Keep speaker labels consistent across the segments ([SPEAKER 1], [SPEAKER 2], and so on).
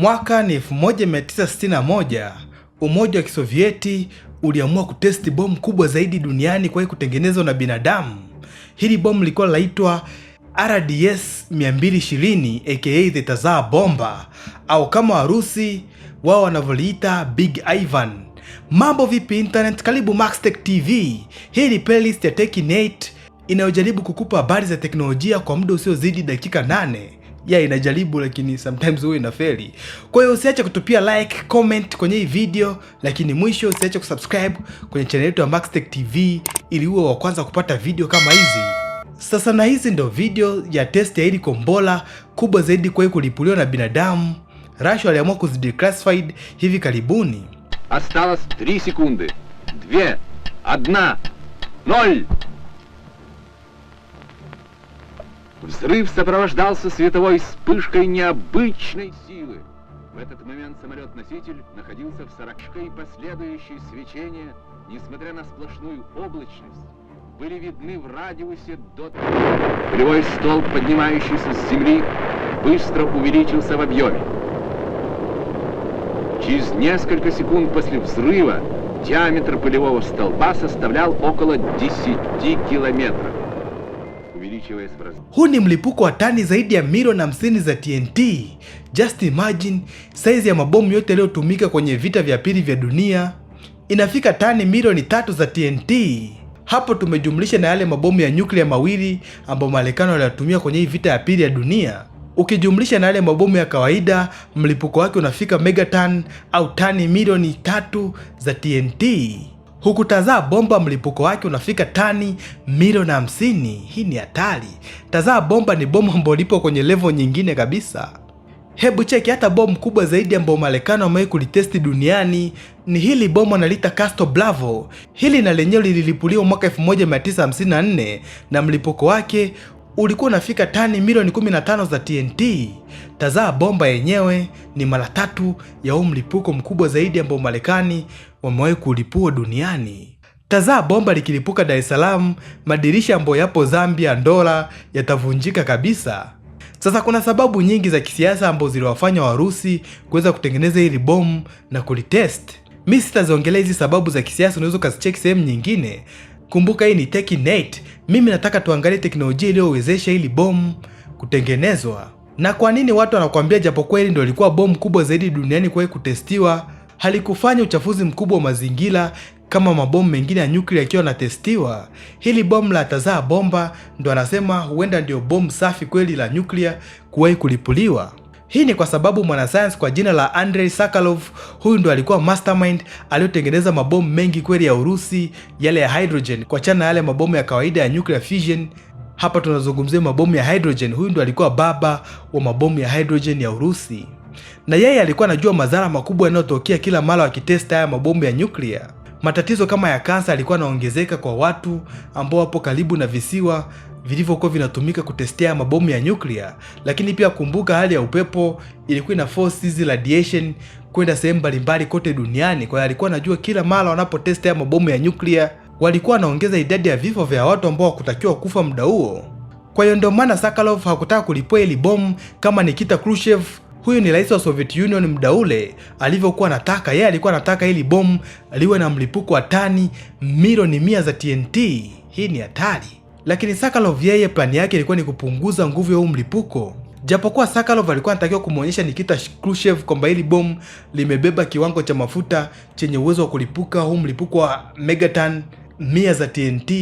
[SPEAKER 1] Mwaka ni 1961 Umoja wa Kisovieti uliamua kutesti bomu kubwa zaidi duniani kuwahi kutengenezwa na binadamu. Hili bomu lilikuwa linaitwa RDS 220 aka the Tsar bomba au kama Warusi wao wanavyoliita Big Ivan. Mambo vipi internet, karibu Max Tech TV. Hii ni playlist ya tun8 inayojaribu kukupa habari za teknolojia kwa muda usiozidi dakika nane ya inajaribu lakini sometimes huwa inafeli. Kwa hiyo usiache kutupia like, comment kwenye hii video, lakini mwisho usiache kusubscribe kwenye channel yetu ya Maxtech TV ili uwe wa kwanza kupata video kama hizi. Sasa na hizi ndo video ya test ya hili kombola kubwa zaidi kuwahi kulipuliwa na binadamu. Russia aliamua kuzideclassified hivi karibuni.
[SPEAKER 2] Осталось 3 sekunde. 2 1 0 Взрыв сопровождался световой вспышкой необычной силы. В этот момент самолет-носитель находился в сорочке, и последующие свечения, несмотря на сплошную облачность, были видны в радиусе до... Полевой столб, поднимающийся с земли, быстро увеличился в объеме. Через несколько секунд после взрыва диаметр полевого столба составлял около 10 километров.
[SPEAKER 1] Huu ni mlipuko wa tani zaidi ya milioni 50 za TNT. Just imagine saizi ya mabomu yote yaliyotumika kwenye vita vya pili vya dunia, inafika tani milioni tatu za TNT. Hapo tumejumlisha na yale mabomu ya nyuklia mawili ambayo Marekani waliyatumia kwenye hii vita ya pili ya dunia. Ukijumlisha na yale mabomu ya kawaida, mlipuko wake unafika megaton au tani milioni tatu za TNT. Hukutazaa bomba mlipuko wake unafika tani milioni hamsini. Hii ni hatari. Tazaa bomba ni bomu ambalo lipo kwenye level nyingine kabisa. Hebu cheki hata bomu kubwa zaidi ambayo Marekani wamewahi kulitesti duniani ni hili bomu analita Castle Bravo. Hili na lenyewe lililipuliwa mwaka 1954 na mlipuko wake ulikuwa unafika tani milioni 15 za TNT. Tazaa bomba yenyewe ni mara tatu ya huu mlipuko mkubwa zaidi ambao Marekani wamewahi kulipua duniani. Tazaa bomba likilipuka Dar es Salaam, madirisha ambayo yapo Zambia, Ndola yatavunjika kabisa. Sasa kuna sababu nyingi za kisiasa ambazo ziliwafanya Warusi kuweza kutengeneza hili bomu na kulitest. Mi sitaziongelea hizi sababu za kisiasa, unaweza ukazicheki sehemu nyingine, Kumbuka hii ni TechNet. Mimi nataka tuangalie teknolojia iliyowezesha hili bomu kutengenezwa na kwa nini watu wanakuambia, japo kweli ndio ilikuwa bomu kubwa zaidi duniani kuwahi kutestiwa, halikufanya uchafuzi mkubwa wa mazingira kama mabomu mengine ya nyuklia yakiwa yanatestiwa. Hili bomu la tazaa bomba ndo anasema huenda ndio bomu safi kweli la nyuklia kuwahi kulipuliwa. Hii ni kwa sababu mwanasayansi kwa jina la Andrei Sakharov, huyu ndo alikuwa mastermind aliyotengeneza mabomu mengi kweli ya Urusi, yale ya hydrogen kuachana na yale mabomu ya kawaida ya nuclear fission. Hapa tunazungumzia mabomu ya hydrogen. Huyu ndo alikuwa baba wa mabomu ya hydrogen ya Urusi, na yeye alikuwa anajua madhara makubwa yanayotokea kila mara wakitesta haya mabomu ya nyuklia. Matatizo kama ya kansa yalikuwa yanaongezeka kwa watu ambao wapo karibu na visiwa vilivyokuwa vinatumika kutestea mabomu ya nyuklia, lakini pia kumbuka, hali ya upepo ilikuwa ina force hizi radiation kwenda sehemu mbalimbali kote duniani. Kwa hiyo alikuwa anajua kila mara wanapotestea mabomu ya nyuklia walikuwa wanaongeza idadi ya vifo vya watu ambao wakutakiwa kufa muda huo. Kwa hiyo ndio maana Sakharov hakutaka kulipua ili bomu kama Nikita Khrushchev Huyu ni rais wa Soviet Union muda ule alivyokuwa anataka yeye, alikuwa anataka ili bomu liwe na mlipuko wa tani milioni mia za TNT. Hii ni hatari, lakini Sakharov yeye plani yake ilikuwa ni kupunguza nguvu ya huu mlipuko japokuwa Sakharov alikuwa anatakiwa kumwonyesha Nikita Khrushchev kwamba hili bomu limebeba kiwango cha mafuta chenye uwezo wa kulipuka huu mlipuko wa megaton mia za TNT.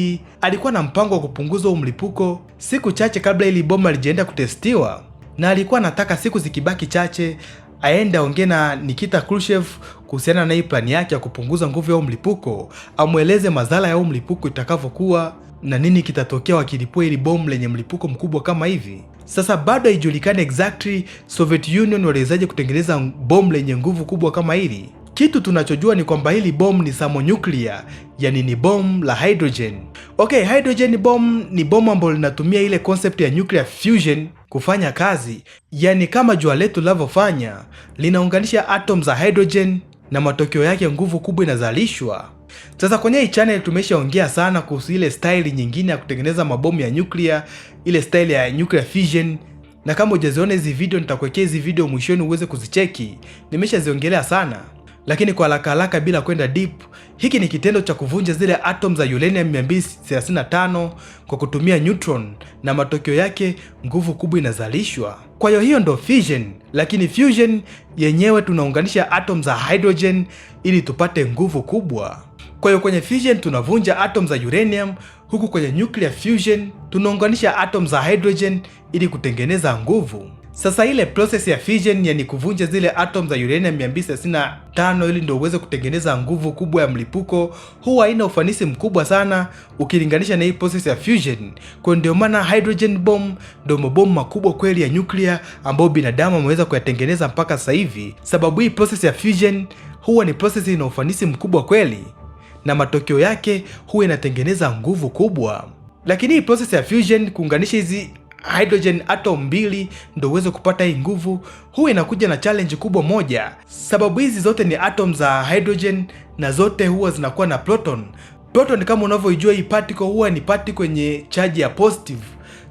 [SPEAKER 1] Alikuwa na mpango wa kupunguza huu mlipuko. Siku chache kabla ili bomu alijienda kutestiwa, na alikuwa anataka siku zikibaki chache aende aongee na Nikita Khrushchev kuhusiana na hii plani yake ya kupunguza nguvu ya mlipuko, amweleze madhara ya mlipuko itakavyokuwa na nini kitatokea wakilipua ili bomu lenye mlipuko mkubwa kama hivi. Sasa bado haijulikani exactly Soviet Union waliwezaje kutengeneza bomu lenye nguvu kubwa kama hili. Kitu tunachojua ni kwamba hili bomu ni thermonuclear, yani ni bomu la hydrogen. Okay, hydrogen bomb ni bomu ambalo linatumia ile concept ya nuclear fusion kufanya kazi, yani kama jua letu linavyofanya, linaunganisha atom za hydrogen na matokeo yake nguvu kubwa inazalishwa. Sasa kwenye hii channel tumeshaongea sana kuhusu ile style nyingine ya kutengeneza mabomu ya nyuklia, ile style ya nuclear fission, na kama hujaziona hizi video nitakuwekea hizi video mwishoni uweze kuzicheki, nimeshaziongelea sana lakini kwa haraka haraka bila kwenda deep, hiki ni kitendo cha kuvunja zile atom za uranium 235 kwa kutumia neutron, na matokeo yake nguvu kubwa inazalishwa. Kwa hiyo hiyo ndo fission, lakini fusion yenyewe tunaunganisha atom za hydrogen ili tupate nguvu kubwa. Kwa hiyo kwenye fission tunavunja atom za uranium, huku kwenye nuclear fusion tunaunganisha atom za hydrogen ili kutengeneza nguvu. Sasa ile process ya fission, yani kuvunja zile atoms za uranium 235 ili ndio uweze kutengeneza nguvu kubwa ya mlipuko, huwa haina ufanisi mkubwa sana ukilinganisha na hii process ya fusion. Kwa ndio maana hydrogen bomb ndio mabomu makubwa kweli ya nyuklia ambayo binadamu ameweza kuyatengeneza mpaka sasa hivi, sababu hii process ya fusion huwa ni process ina ufanisi mkubwa kweli, na matokeo yake huwa inatengeneza nguvu kubwa. Lakini hii process ya fusion kuunganisha hizi hydrogen atom mbili ndio uweze kupata hii nguvu. Huwa inakuja na challenge kubwa moja. Sababu hizi zote ni atom za hydrogen na zote huwa zinakuwa na proton. Proton kama unavyoijua hii particle huwa ni particle yenye charge ya positive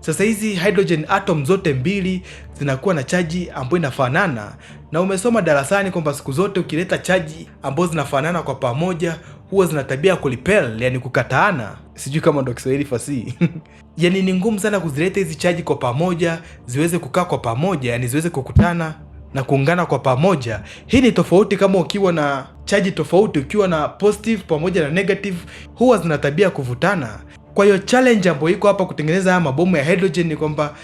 [SPEAKER 1] sasa hizi hydrogen atom zote mbili zinakuwa na chaji ambayo inafanana, na umesoma darasani kwamba siku zote ukileta chaji ambazo zinafanana kwa pamoja huwa zina tabia ya kulipel, yani kukataana. Sijui kama ndo Kiswahili fasihi yani ni ngumu sana kuzileta hizi chaji kwa pamoja ziweze kukaa kwa pamoja, yani ziweze kukutana na kuungana kwa pamoja. Hii ni tofauti kama ukiwa na chaji tofauti, ukiwa na positive pamoja na negative, huwa zina tabia kuvutana. Kwa hiyo challenge ambayo iko hapa kutengeneza haya mabomu ya hydrogen ni kwamba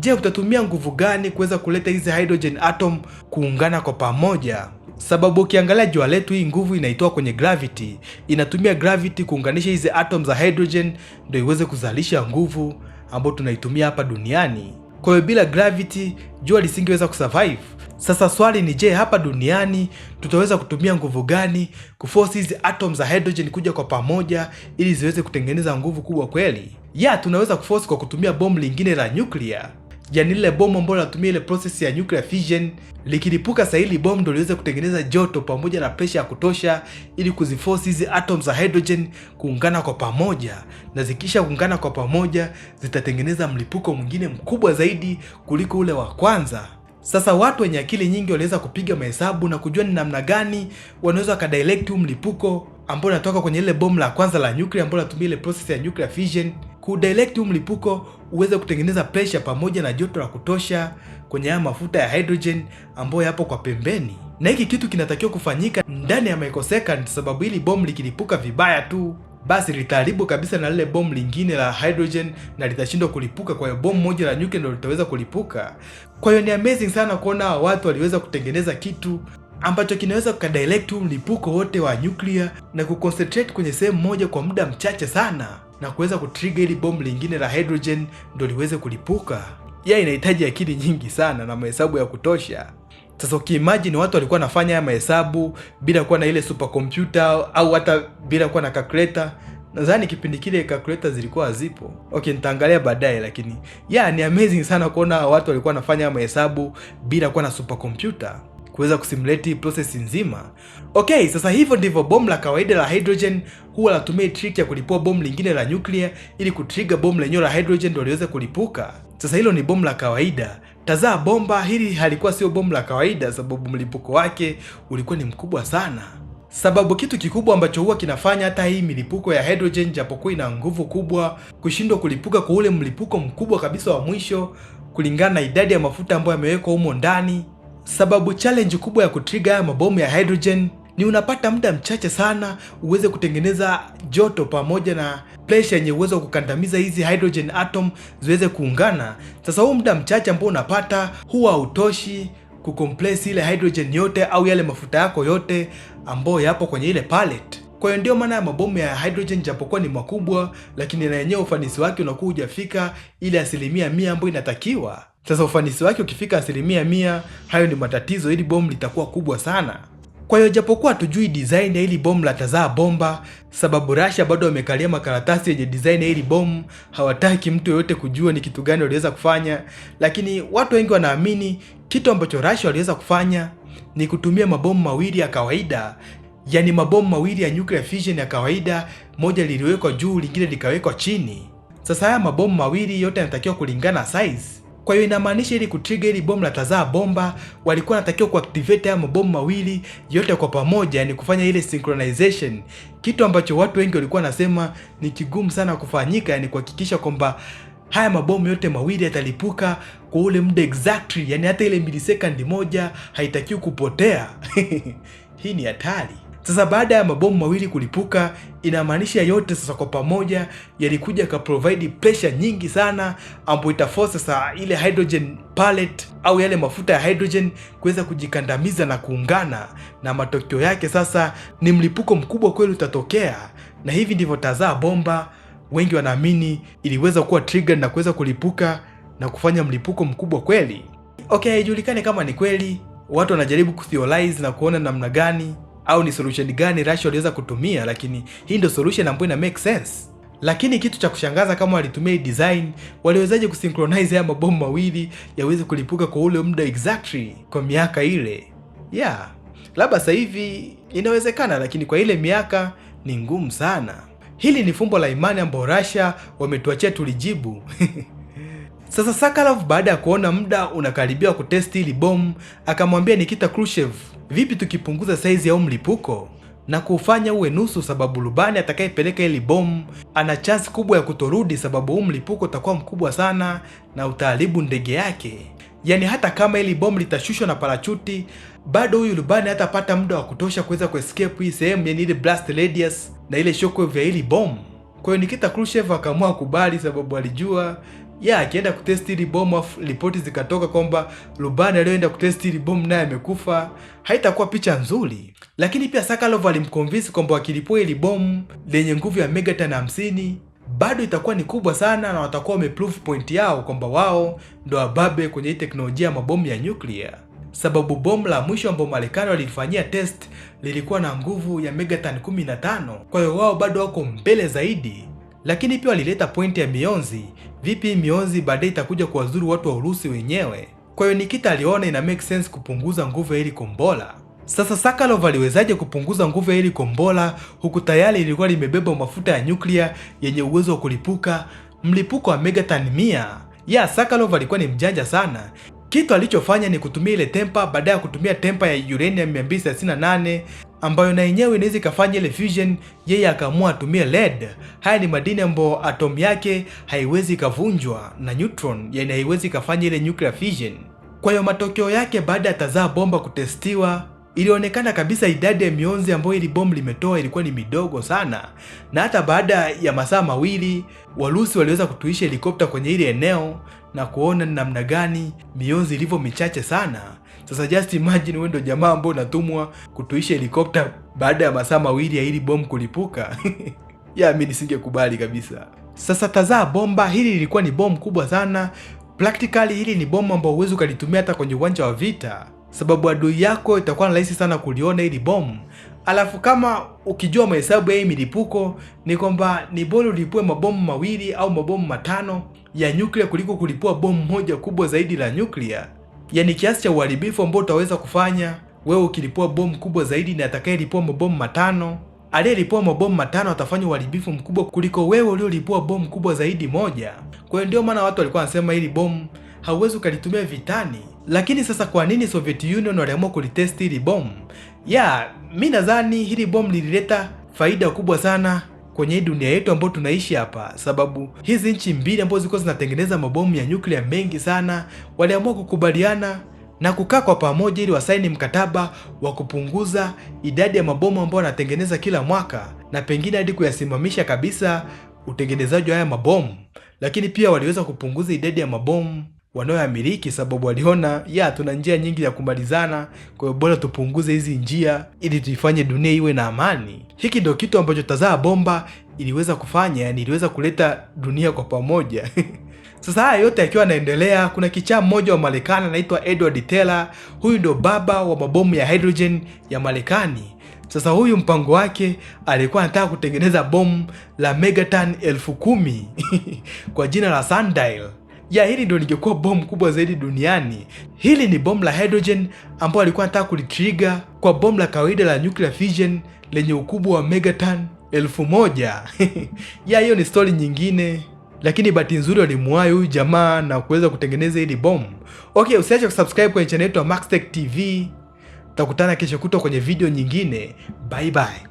[SPEAKER 1] je, utatumia nguvu gani kuweza kuleta hizi hydrogen atom kuungana kwa pamoja? Sababu ukiangalia jua letu, hii nguvu inaitoa kwenye gravity, inatumia gravity kuunganisha hizi atom za hydrogen ndio iweze kuzalisha nguvu ambayo tunaitumia hapa duniani. Kwa hiyo bila gravity jua lisingeweza kusurvive. Sasa swali ni je, hapa duniani tutaweza kutumia nguvu gani kuforce hizi atom za hydrogen kuja kwa pamoja ili ziweze kutengeneza nguvu kubwa kweli? Ya, tunaweza kuforce kwa kutumia bomu lingine la nyuklia yani lile bomu ambalo linatumia ile process ya nuclear fission, likilipuka sasa, hili bomu ndio liweze kutengeneza joto pamoja na pressure ya kutosha ili kuziforce hizi atoms za hydrogen kuungana kwa pamoja, na zikisha kuungana kwa pamoja zitatengeneza mlipuko mwingine mkubwa zaidi kuliko ule wa kwanza. Sasa watu wenye akili nyingi waliweza kupiga mahesabu na kujua ni namna gani wanaweza wakadirect huu mlipuko ambao unatoka kwenye ile bomu la kwanza la nuclear ambao linatumia ile process ya nuclear fission, kudirect huu mlipuko uweze kutengeneza presha pamoja na joto la kutosha kwenye haya mafuta ya hydrogen ambayo yapo kwa pembeni, na hiki kitu kinatakiwa kufanyika ndani ya microsecond, sababu hili bomu likilipuka vibaya tu basi litaharibu kabisa na lile bomu lingine la hydrogen na litashindwa kulipuka. Kwa hiyo bomu moja la nyuki ndio litaweza kulipuka. Kwa hiyo ni amazing sana kuona watu waliweza kutengeneza kitu ambacho kinaweza kukadirect mlipuko wote wa nyuklia na kuconcentrate kwenye sehemu moja kwa muda mchache sana na kuweza kutriga ili bomu lingine la hydrogen ndo liweze kulipuka. Ya inahitaji akili nyingi sana na mahesabu ya kutosha. Sasa ukiimagine watu walikuwa wanafanya haya mahesabu bila kuwa na ile supercomputer au hata bila kuwa na calculator. Nadhani kipindi kile calculator zilikuwa hazipo. Okay, nitaangalia baadaye, lakini ya ni amazing sana kuona watu walikuwa wanafanya haya mahesabu bila kuwa na supercomputer kuweza kusimulate process nzima. Okay, sasa hivyo ndivyo bomu la kawaida la hydrogen huwa latumia trick ya kulipua bomu lingine la nuclear ili kutrigger bomu lenyewe la hydrogen ndio liweze kulipuka. Sasa hilo ni bomu la kawaida. Tazaa bomba hili halikuwa sio bomu la kawaida, sababu mlipuko wake ulikuwa ni mkubwa sana. Sababu kitu kikubwa ambacho huwa kinafanya hata hii milipuko ya hydrogen japokuwa ina nguvu kubwa kushindwa kulipuka kwa ule mlipuko mkubwa kabisa wa mwisho, kulingana na idadi ya mafuta ambayo yamewekwa humo ndani Sababu challenge kubwa ya kutriga haya mabomu ya hydrogen ni unapata muda mchache sana uweze kutengeneza joto pamoja na pressure yenye uwezo wa kukandamiza hizi hydrogen atom ziweze kuungana. Sasa huu muda mchache ambao unapata huwa hautoshi kucompress ile hydrogen yote au yale mafuta yako yote ambayo yapo kwenye ile pallet. Kwa hiyo ndio maana ya mabomu ya hydrogen japokuwa ni makubwa, lakini na yenyewe ufanisi wake unakuwa hujafika ile asilimia mia ambayo inatakiwa. Sasa ufanisi wake ukifika asilimia mia, hayo ni matatizo. Hili bomu litakuwa kubwa sana. Kwa hiyo japokuwa hatujui design ya hili bomu la tazaa bomba, sababu Russia bado wamekalia makaratasi yenye design ya hili bomu, hawataki mtu yoyote kujua ni kitu gani waliweza kufanya, lakini watu wengi wanaamini kitu ambacho Russia waliweza kufanya ni kutumia mabomu mawili ya kawaida, yani mabomu mawili ya nuclear fission ya kawaida, moja liliwekwa juu, lingine likawekwa chini. Sasa haya mabomu mawili yote yanatakiwa kulingana size kwa hiyo inamaanisha ili kutrigger ili bomu la tazaa bomba walikuwa wanatakiwa kuactivate haya mabomu mawili yote kwa pamoja, yani kufanya ile synchronization, kitu ambacho watu wengi walikuwa wanasema ni kigumu sana kufanyika, yani kuhakikisha kwamba haya mabomu yote mawili yatalipuka kwa ule muda exactly, yani hata ile milisekondi moja haitakiwi kupotea. Hii ni hatari. Sasa baada ya mabomu mawili kulipuka, inamaanisha yote sasa kwa pamoja yalikuja ka provide pressure nyingi sana ambayo itaforce sasa ile hydrogen pellet au yale mafuta ya hydrogen kuweza kujikandamiza na kuungana, na matokeo yake sasa ni mlipuko mkubwa kweli utatokea, na hivi ndivyo tazaa bomba wengi wanaamini iliweza kuwa trigger na kuweza kulipuka na kufanya mlipuko mkubwa kweli. Okay, haijulikani kama ni kweli. Watu wanajaribu kutheorize na kuona namna gani au ni solution gani Russia waliweza kutumia, lakini hii ndio solution ambayo ina make sense. Lakini kitu cha kushangaza, kama walitumia hii design, waliwezaje kusynchronize haya mabomu mawili yaweze kulipuka kwa ule muda exactly kwa miaka ile? Yeah, labda sasa hivi inawezekana, lakini kwa ile miaka ni ngumu sana. Hili ni fumbo la imani ambao Russia wametuachia tulijibu. Sasa Sakharov baada ya kuona muda unakaribia kutesti hili bomu, akamwambia Nikita Khrushchev vipi tukipunguza saizi ya huu mlipuko na kuufanya uwe nusu, sababu rubani atakayepeleka hili bomu ana chansi kubwa ya kutorudi, sababu huu mlipuko utakuwa mkubwa sana na utaharibu ndege yake. Yaani hata kama hili bomu litashushwa na parachuti, bado huyu rubani hatapata muda wa kutosha kuweza kuescape hii sehemu, yaani ile blast radius na ile shockwave ya hili bomu. Kwa hiyo Nikita Khrushchev akaamua kubali, sababu alijua yeah, akienda kutesti hili bomu afu ripoti zikatoka kwamba rubani aliyoenda kutesti hili bomu naye amekufa, haitakuwa picha nzuri. Lakini pia sakalov alimkonvinsi kwamba wakilipua hili bomu lenye nguvu ya megaton hamsini bado itakuwa ni kubwa sana na watakuwa wameprove point yao kwamba wao ndo wababe kwenye hii teknolojia ya mabomu ya nyuklia, sababu bomu la mwisho ambao Marekani walifanyia test lilikuwa na nguvu ya megaton 15. Kwa hiyo wao bado wako mbele zaidi lakini pia walileta pointi ya mionzi, vipi mionzi baadaye itakuja kuwazuru watu wa Urusi wenyewe. Kwa hiyo Nikita aliona ina make sense kupunguza nguvu ya hili kombora. Sasa Sakalov aliwezaje kupunguza nguvu ya hili kombora huku tayari ilikuwa limebeba mafuta ya nyuklia yenye uwezo wa kulipuka mlipuko wa megaton 100? Ya Sakalov alikuwa ni mjanja sana. Kitu alichofanya ni kutumia ile tempa baada ya kutumia tempa ya uranium 238 ambayo na yenyewe inaweza ikafanya ile fusion, yeye akaamua atumie led. Haya ni madini ambayo atom yake haiwezi ikavunjwa na neutron, yani haiwezi ikafanya ile nuclear fusion. Kwa hiyo matokeo yake baada ya tazaa bomba kutestiwa ilionekana kabisa idadi ya mionzi ambayo ili bomu limetoa ilikuwa ni midogo sana, na hata baada ya masaa mawili Warusi waliweza kutuisha helikopta kwenye ile eneo na kuona ni namna gani mionzi ilivyo michache sana, sasa just imagine wewe ndo jamaa ambaye unatumwa kutuisha helikopta baada ya masaa mawili ya ili bomu kulipuka. Ya mimi nisingekubali kabisa. Sasa tazaa bomba hili lilikuwa ni bomu kubwa sana. Practically hili ni bomu ambao huwezi ukalitumia hata kwenye uwanja wa vita, sababu adui yako itakuwa na rahisi sana kuliona hili bomu. Alafu kama ukijua mahesabu ya hii milipuko ni kwamba ni bora ulipue mabomu mawili au mabomu matano ya nyuklia kuliko kulipua bomu moja kubwa zaidi la nyuklia yani kiasi cha uharibifu ambao utaweza kufanya wewe ukilipua bomu kubwa zaidi, na atakayelipua mabomu matano, aliyelipua mabomu matano atafanya uharibifu mkubwa kuliko wewe uliolipua bomu kubwa zaidi moja. Kwa hiyo ndio maana watu walikuwa wanasema hili bomu hauwezi ukalitumia vitani. Lakini sasa kwa nini Soviet Union waliamua kulitesti hili bomu? Ya, mi nadhani hili bomu lilileta faida kubwa sana kwenye hii dunia yetu ambayo tunaishi hapa, sababu hizi nchi mbili ambazo zilikuwa zinatengeneza mabomu ya nyuklia mengi sana waliamua kukubaliana na kukaa kwa pamoja ili wasaini mkataba wa kupunguza idadi ya mabomu ambayo wanatengeneza kila mwaka na pengine hadi kuyasimamisha kabisa utengenezaji wa haya mabomu, lakini pia waliweza kupunguza idadi ya mabomu wanaoyamiliki, sababu waliona ya tuna njia nyingi ya kumalizana, kwa hiyo bora tupunguze hizi njia ili tuifanye dunia iwe na amani. Hiki ndio kitu ambacho Tazaa Bomba iliweza kufanya, yani iliweza kuleta dunia kwa pamoja. Sasa haya yote akiwa anaendelea kuna kichaa mmoja wa Marekani anaitwa Edward Teller. Huyu ndio baba wa mabomu ya hydrogen ya Marekani. Sasa huyu mpango wake alikuwa anataka kutengeneza bomu la megatan 1 kwa jina la Sundial ya hili ndio lingekuwa bomu kubwa zaidi duniani. Hili ni bomu la hydrogen ambao alikuwa anataka kulitrigger kwa bomu la kawaida la nuclear fission lenye ukubwa wa megaton elfu moja. ya hiyo ni stori nyingine, lakini bahati nzuri walimuwahi huyu jamaa na kuweza kutengeneza hili bomu. Okay, usiache kusubscribe kwenye channel yetu ya Maxtech TV. takutana kesho kutwa kwenye video nyingine. Bye bye.